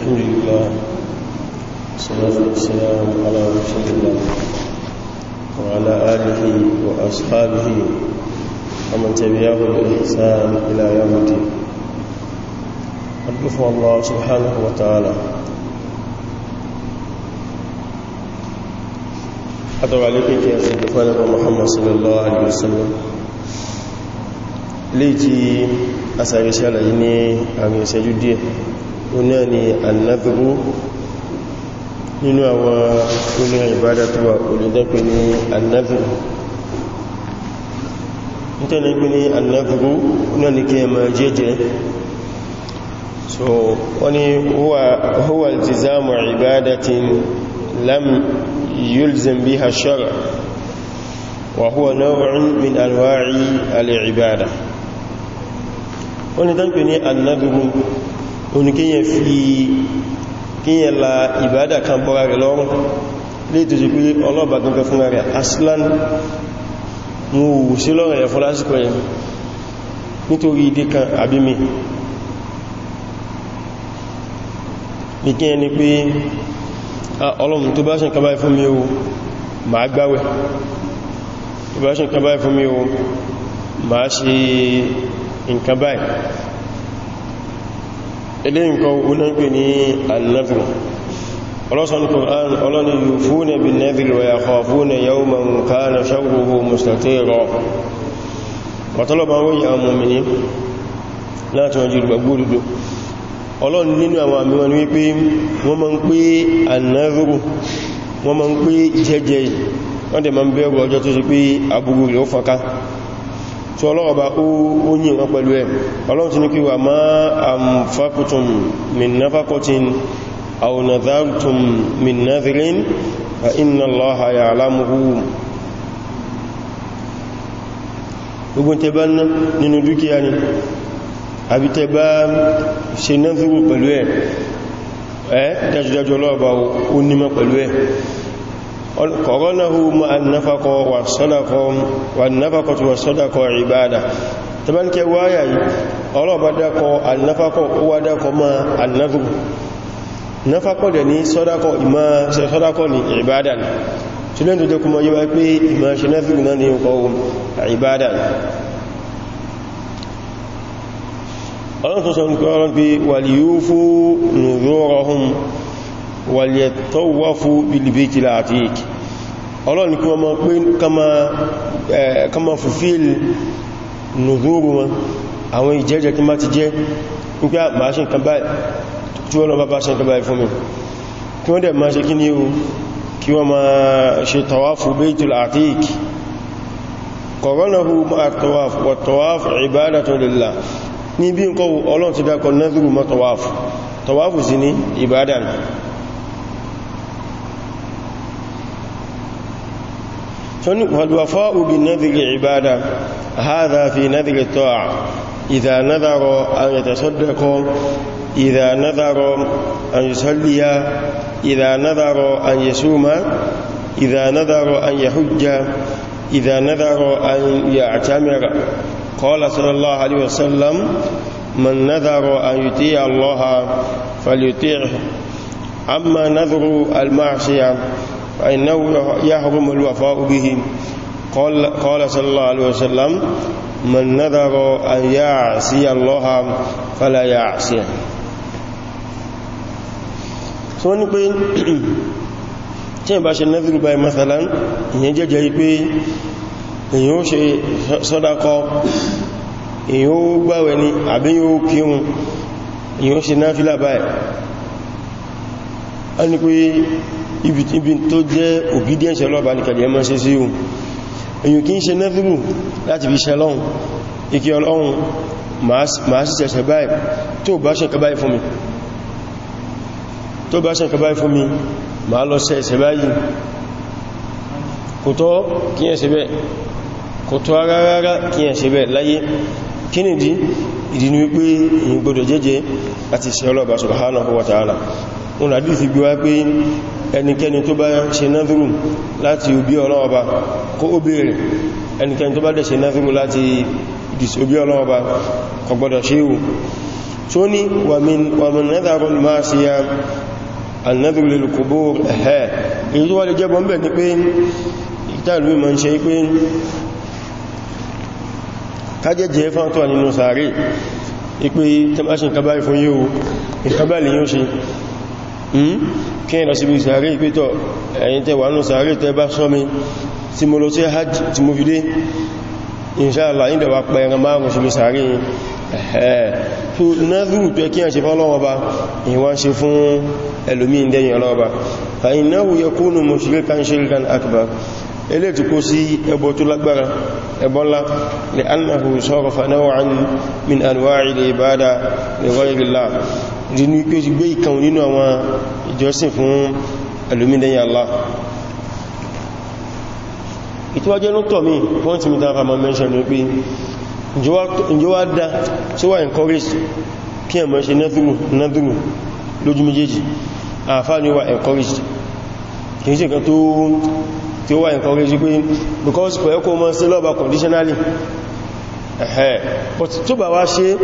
الحمد لله والصلاة والسلام على رسول الله وعلى آله وأصحابه ومن تبعه بإحسان إلى يوم الدين أدفع الله سبحانه وتعالى أدعو عليك يا سيد فالب محمد صلى الله عليه وسلم ليجي أسأل رسالة إني أمي سيجد oní ẹni annadru nínú àwọn oní ìbádà tó wà olùdẹ́pẹ̀ ní annadru nítẹ́lẹ̀ pé ní annadru náà ní kí ẹ jẹ́jẹ́ so wani huwa altizamu ibadatin lam yulzam biha shara wa huwa naw'un min anwa'i al-ibada wani dan pé ní annadru oníkíyàn fi kíyàn la ìbádà kan bọ́ra rẹ̀ lọ́rùn lè tó sì pé ọlọ́ọ̀bá gangan fún rẹ̀ aslan mú òwò sí lọ́rọ̀ ẹ̀ fún lásìkò yẹn nítorí ìdí kan àbí mi nǹkan báyìí ilé nǹkan onáńpé ní annadru ọlọ́sàn kùrán ọlọ́ni yóò fún ẹbí nẹ́bìl wà yàkọ̀ fún yau ma ń ká na ṣarruhu mustatira wàtọ́lọ́bàwọ́ yà mọ̀mìnì láti wọ́n jùlọ gbogbo ọlọ́ni nínú ma tí ọlọ́run bá ó yìn wọ́n pẹ̀lú ẹ̀ ọlọ́run ti ní kí wà má àmfàkùtùm min nafaqatin aw nadhartum min nadhirin fa inna Allaha ya'lamuhu gbogbo tẹba nínú dúkìá ni àbí tẹba ṣe قرنه مع النفقة والصدقة والنفقة والصدقة عبادة تمام كوايا ọlọ́ọ̀bá dákọ̀ alnáfàkọ̀ ó wá dákọ̀ ma annáfù náfàkọ̀ dẹ̀ ní sọ́dákọ̀ ìmá ṣe sọ́dákọ̀ ní ìbádàn tí lẹ́n tó jẹ́ kuma yíwa pé wàlẹ̀tọ́wọ́fú bilibéjì láàtíkì ọlọ́ni kí wọ́n mọ́ pé kama fulfill nùzúrù wọn àwọn ìjẹ́jẹ́ kí má ti jẹ́ nígbà máa ṣe nǹkan báyìí tí wọ́n lọ bá bá ṣe nǹkan báyìí fún mi kí wọ́n dẹ̀ máa ṣe kí ní o kí wọ́n máa ṣe tọ́wáfù baitul atiq kọ̀rọ̀nàhù tọ́wáfù ibadatun lillah ní bí nǹkan ọlọ́n ti dákọ̀ nẹ́zùrù mọ́ tọ́wáfù tọ́wáfù sí ní ìbádàn فالوفاء بالنذر عبادة هذا في نذر الطاعة إذا نذر أن يتصدق إذا نذر أن يصلي إذا نذر أن يصوم إذا نذر أن يحج إذا نذر أن يعتمر قال صلى الله عليه وسلم من نذر أن يطيع الله فليطيعه أما نذر المعصية فإنه يحرم الوفاء به قال, قال صلى الله عليه وسلم من نذر أن يعصي الله فلا يعصيه so ní pé tí ìbá ṣe nẹ́fìrì báyìí mathalan ìyẹn jẹ́jẹ́ pé èyàn ó ṣe sọ́dákọ́ èyàn ó gbáwẹ̀ ní àbí yóò kírun èyàn ó ṣe náfílà báyìí a ní pé ibi tó jẹ́ obedience ọlọ́ọ̀bá ní kẹ̀lẹ̀ ẹmọ́ ṣe sí ohun èyàn kí ń ṣe nẹ́fìlù láti fi ṣe lọ́hun ikẹ́ ọlọ́hun máa sì ṣẹ̀ṣẹ̀ báyìí tó bá ṣe kẹbáyìí fún mi tó bá ṣe kẹbáyìí fún mi máa lọ ṣẹ̀ṣẹ̀ báyìí kò tọ́ kí ẹ̀ bẹ́ẹ̀ kò tọ́ rárá kí ẹ̀ bẹ́ẹ̀ láyé kí nìdí ìdí ni wípé èyàn gbọdọ̀ jẹ́jẹ́ àti ṣe ọlọ́ọ̀bá subhanahu wa ta'ala òun àdísì gbé wá pé ẹnikẹ́ni tó bá ṣe náfíru láti òbí ọlọ́ọba kó ó bèèrè ẹnikẹ́ni tó bá dẹ̀ ṣe náfíru láti òbí ọlọ́ọba kò gbọdọ̀ ṣe ò tó ní wàmín nẹ́dàrún máa sí ya annáfíru lè lùkúbó ẹ̀hẹ́ èyí tó ṣe pé fún yíò ìkábáyé lè yíò ṣe Hmm? kí ẹ lọ sí ibi sàárè ìpétọ̀ ẹ̀yìn tẹ́ wà ní sàárè tẹ́ bá sọ́mi tí mo lọ sí hajj tí mo fi dé inṣáàlá ìdẹ̀wà pẹ̀ẹ̀rẹ̀ márùn-ún sí ibi sàárè tó náàrù tó kí ẹ̀ṣẹ̀ fún eléyìí tó kó sí ẹbọ tó lágbára ẹbọ ńlá lè annahu sọ́rọ̀fà náwàán min anwá'i lè bada lè rọ́rìlá dínú pé ti gbé ìkan nínú àwọn ìjọsìn fún alumídẹ́yìn Allah ìtíwájẹ́ ní tọ̀mí point mi tàbí àmà mention ní pé ìjọwá dá tí ó wà encourage pé because pẹ̀lú kó mọ́ sí lọ́bà conditionally ẹ̀hẹ́ but tó bá wá ṣe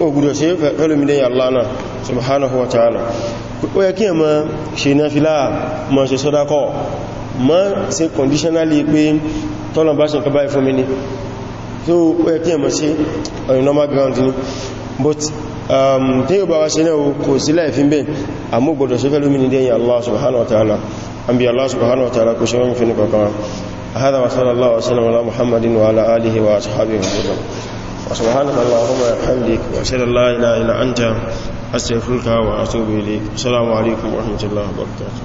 ògùdọ̀ ṣe fẹ́lúmídé yàlánà subhanahu wa ta'ala ó yẹ kí ẹmọ ṣe náà fílá mọ́ ṣe sọ́dákọ̀ mọ́ sí conditionally pé tọ́nà bá ṣe kọba ìfún ni so ó yẹ kí ẹmọ ṣe on normal ground ni but um, tí ó bá wá ṣe náà kò sí láìfín bẹ́ẹ̀ àmúgbọ̀dọ̀ ṣe fẹ́lúmídé yàlánà subhanahu wa ta'ala أنبي الله سبحانه وتعالى كشوان في نبقى هذا وصلى الله وسلم على محمد وعلى آله وأصحابه وسلم وسبحانك اللهم وبحمدك وأشهد أن لا إله إلا أنت أستغفرك وأتوب إليك السلام عليكم ورحمة الله وبركاته